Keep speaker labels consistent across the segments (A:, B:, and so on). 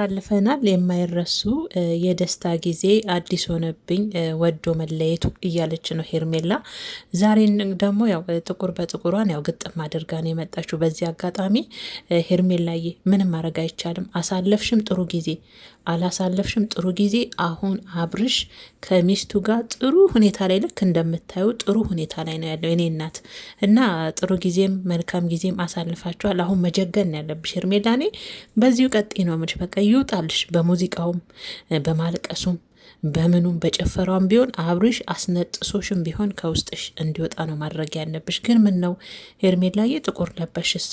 A: አሳልፈናል የማይረሱ የደስታ ጊዜ አዲስ ሆነብኝ ወዶ መለየቱ እያለች ነው ሄርሜላ። ዛሬ ደግሞ ያው ጥቁር በጥቁሯን ያው ግጥም አድርጋ የመጣችው። በዚህ አጋጣሚ ሄርሜላዬ ምንም ማድረግ አይቻልም፣ አሳለፍሽም ጥሩ ጊዜ አላሳለፍሽም ጥሩ ጊዜ። አሁን አብርሽ ከሚስቱ ጋር ጥሩ ሁኔታ ላይ ልክ እንደምታዩ ጥሩ ሁኔታ ላይ ነው ያለው እኔ እናት እና ጥሩ ጊዜም መልካም ጊዜም አሳልፋችኋል። አሁን መጀገን ያለብሽ ሄርሜላ፣ እኔ በዚሁ ቀጤ ነው ምልሽ። በቃ ይውጣልሽ፣ በሙዚቃውም በማልቀሱም በምኑም በጨፈሯም ቢሆን አብርሽ አስነጥሶሽም ቢሆን ከውስጥሽ እንዲወጣ ነው ማድረግ ያለብሽ። ግን ምን ነው ሄርሜላዬ ጥቁር ለበሽ እሳ።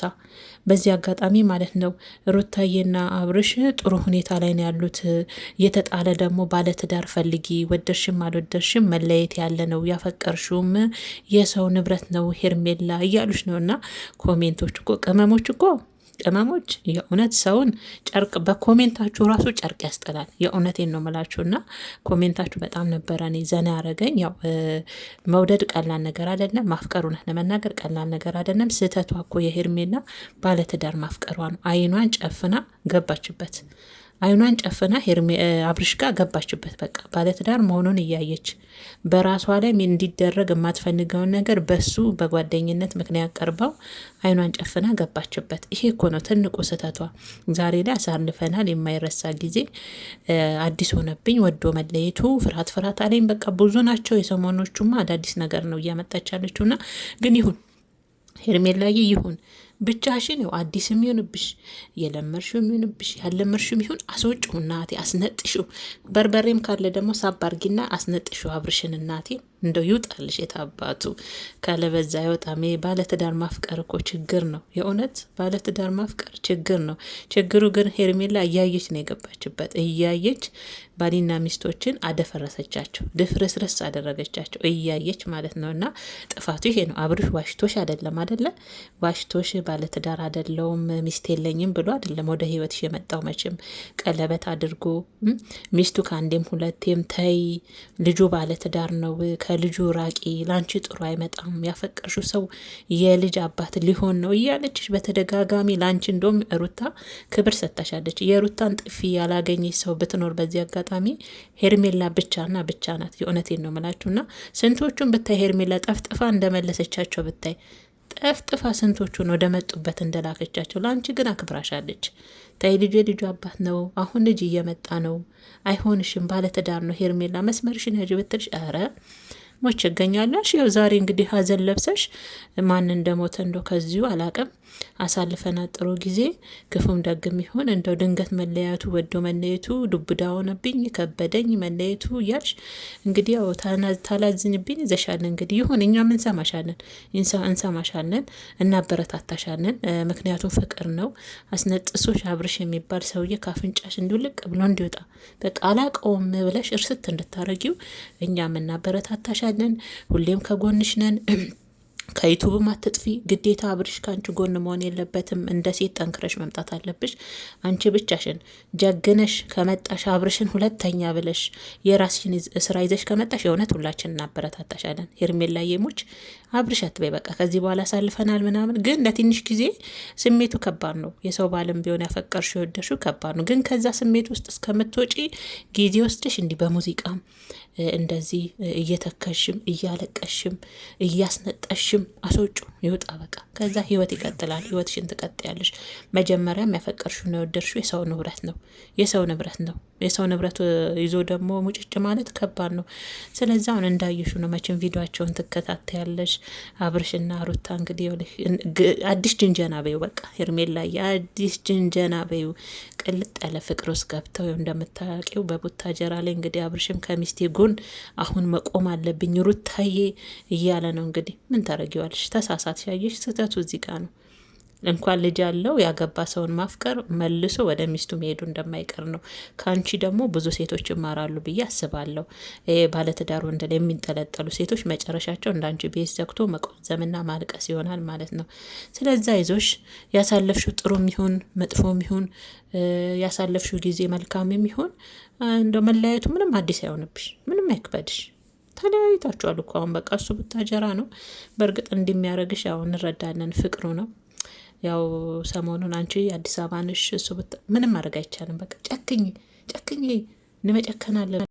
A: በዚህ አጋጣሚ ማለት ነው ሩታዬና አብርሽ ጥሩ ሁኔታ ላይ ነው ያሉት። የተጣለ ደግሞ ባለትዳር ፈልጊ። ወደድሽም አልወደድሽም መለየት ያለ ነው። ያፈቀርሽውም የሰው ንብረት ነው ሄርሜላ እያሉሽ ነው እና ኮሜንቶች እኮ ቅመሞች እኮ ቅመሞች የእውነት ሰውን ጨርቅ በኮሜንታችሁ ራሱ ጨርቅ ያስጠላል። የእውነቴን ነው ምላችሁ እና ኮሜንታችሁ በጣም ነበረ እኔ ዘና ያደረገኝ። ያው መውደድ ቀላል ነገር አይደለም፣ ማፍቀር እውነት ለመናገር ቀላል ነገር አይደለም። ስህተቷ እኮ የሄርሜላ ባለትዳር ማፍቀሯ ነው። አይኗን ጨፍና ገባችበት። አይኗን ጨፍና አብርሽጋ አብርሽ ጋር ገባችበት። በቃ ባለትዳር መሆኑን እያየች በራሷ ላይ እንዲደረግ የማትፈልገውን ነገር በሱ በጓደኝነት ምክንያት ቀርበው አይኗን ጨፍና ገባችበት። ይሄ እኮ ነው ትልቁ ስህተቷ። ዛሬ ላይ አሳልፈናል፣ የማይረሳ ጊዜ አዲስ ሆነብኝ፣ ወዶ መለየቱ ፍርሃት ፍርሃት አለኝ። በቃ ብዙ ናቸው የሰሞኖቹማ። አዳዲስ ነገር ነው እያመጣች ያለችውና ግን ይሁን ሄርሜላዬ ይሁን ብቻሽን ው አዲስ የሚሆንብሽ የለመርሽም የሚሆንብሽ ያለመርሽም ይሁን አስወጭው እናቴ፣ አስነጥሽው። በርበሬም ካለ ደግሞ ሳባርጊና አርጊና አስነጥሽው አብርሽን እናቴ። እንደው ይውጣልሽ የታባቱ ካለበዛ አይወጣም። ይሄ ባለትዳር ማፍቀር እኮ ችግር ነው። የእውነት ባለትዳር ማፍቀር ችግር ነው። ችግሩ ግን ሄርሜላ እያየች ነው የገባችበት። እያየች ባሊና ሚስቶችን አደፈረሰቻቸው፣ ድፍርስርስ አደረገቻቸው እያየች ማለት ነው። እና ጥፋቱ ይሄ ነው። አብርሽ ዋሽቶሽ አይደለም አደለ? ዋሽቶሽ ባለትዳር አደለውም ሚስት የለኝም ብሎ አደለም ወደ ህይወትሽ የመጣው። መቼም ቀለበት አድርጎ ሚስቱ ከአንዴም ሁለቴም ተይ ልጁ ባለትዳር ነው ከልጁ ራቂ፣ ላንቺ ጥሩ አይመጣም፣ ያፈቀሹ ሰው የልጅ አባት ሊሆን ነው እያለችሽ በተደጋጋሚ ላንቺ እንደም ሩታ ክብር ሰጥታሻለች። የሩታን ጥፊ ያላገኘች ሰው ብትኖር በዚህ አጋጣሚ ሄርሜላ ብቻና ብቻ ናት። የእውነቴን ነው ምላችሁና ስንቶቹን ብታይ ሄርሜላ ጠፍጥፋ እንደመለሰቻቸው ብታይ ጠፍጥፋ ስንቶቹን ወደ መጡበት እንደላከቻቸው። ለአንቺ ግን አክብራሻለች። ታይ ልጁ የልጁ አባት ነው። አሁን ልጅ እየመጣ ነው። አይሆንሽም፣ ባለትዳር ነው ሄርሜላ መስመርሽን ያዥ ብትልሽ ኧረ ሞች ይገኛለሽ። ያው ዛሬ እንግዲህ ሀዘን ለብሰሽ ማን እንደሞተ እንደው ከዚሁ አላቅም አሳልፈናል ጥሩ ጊዜ። ክፉም ደግም ይሆን እንደው ድንገት መለያቱ ወዶ መለየቱ ዱብ ሆነብኝ ከበደኝ መለየቱ እያልሽ እንግዲህ ያው ታላዝኝብኝ ይዘሻለን። እንግዲህ ይሁን እኛም እንሰማሻለን፣ እንሰማሻለን፣ እናበረታታሻለን። ምክንያቱም ፍቅር ነው። አስነጥሶሽ አብርሽ የሚባል ሰውዬ ካፍንጫሽ እንዲውልቅ ብሎ እንዲወጣ በቃ አላቀውም ብለሽ እርስት እንድታረጊው እኛም እናበረታታሻለን። ሁሌም ከጎንሽ ነን። ከዩቱብ አትጥፊ ግዴታ አብርሽ ከአንቺ ጎን መሆን የለበትም። እንደ ሴት ጠንክረሽ መምጣት አለብሽ። አንቺ ብቻሽን ጀግነሽ ከመጣሽ አብርሽን ሁለተኛ ብለሽ የራስሽን ስራ ይዘሽ ከመጣሽ የእውነት ሁላችን እናበረታታሻለን። ሄርሜላ የሞች አብርሽ አትበይ፣ በቃ ከዚህ በኋላ አሳልፈናል ምናምን። ግን ለትንሽ ጊዜ ስሜቱ ከባድ ነው። የሰው ባልም ቢሆን ያፈቀርሽ የወደሹ ከባድ ነው። ግን ከዛ ስሜት ውስጥ እስከምትወጪ ጊዜ ወስደሽ እንዲህ በሙዚቃም እንደዚህ እየተከሽም እያለቀሽም እያስነጠሽም ግድም አስወጩ ይውጣ በቃ። ከዛ ህይወት ይቀጥላል። ህይወትሽን ትቀጥያለሽ። መጀመሪያም ያፈቀርሽው ነው የወደድሽው የሰው ንብረት ነው የሰው ንብረት ነው። የሰው ንብረት ይዞ ደግሞ ሙጭጭ ማለት ከባድ ነው። ስለዚ አሁን እንዳየሹ ነው። መቼም ቪዲዮቸውን ትከታተያለሽ። አብርሽና ሩታ እንግዲህ አዲስ ጅንጀና በዩ፣ በቃ ሄርሜላ የአዲስ ጅንጀና በዩ ቅልጥ ያለ ፍቅር ውስጥ ገብተው በቡታ ጀራ ላይ እንግዲህ አብርሽም ከሚስቴ ጎን አሁን መቆም አለብኝ ሩታዬ እያለ ነው። እንግዲህ ምን ታረጊዋለሽ? ተሳሳት፣ ሻየሽ ስህተቱ እዚህ ጋር ነው። እንኳን ልጅ ያለው ያገባ ሰውን ማፍቀር መልሶ ወደ ሚስቱ መሄዱ እንደማይቀር ነው። ከአንቺ ደግሞ ብዙ ሴቶች ይማራሉ ብዬ አስባለሁ። ባለትዳር ወንድ ላይ የሚንጠለጠሉ ሴቶች መጨረሻቸው እንዳንቺ ቤት ዘግቶ መቆዘምና ማልቀስ ይሆናል ማለት ነው። ስለዛ ይዞሽ ያሳለፍሽው ጥሩ የሚሆን መጥፎ የሚሆን ያሳለፍሽው ጊዜ መልካም የሚሆን እንደ መለያየቱ ምንም አዲስ አይሆንብሽ፣ ምንም አይክበድሽ። ተለያይታችኋል እኮ አሁን በቃ እሱ ብታጀራ ነው። በእርግጥ እንዲህ የሚያደርግሽ አሁን እንረዳለን፣ ፍቅሩ ነው ያው ሰሞኑን አንቺ አዲስ አበባ ነሽ፣ እሱ ምንም ማድረግ አይቻልም። በቃ ጨክኝ ጨክኝ እንመጨከናለን።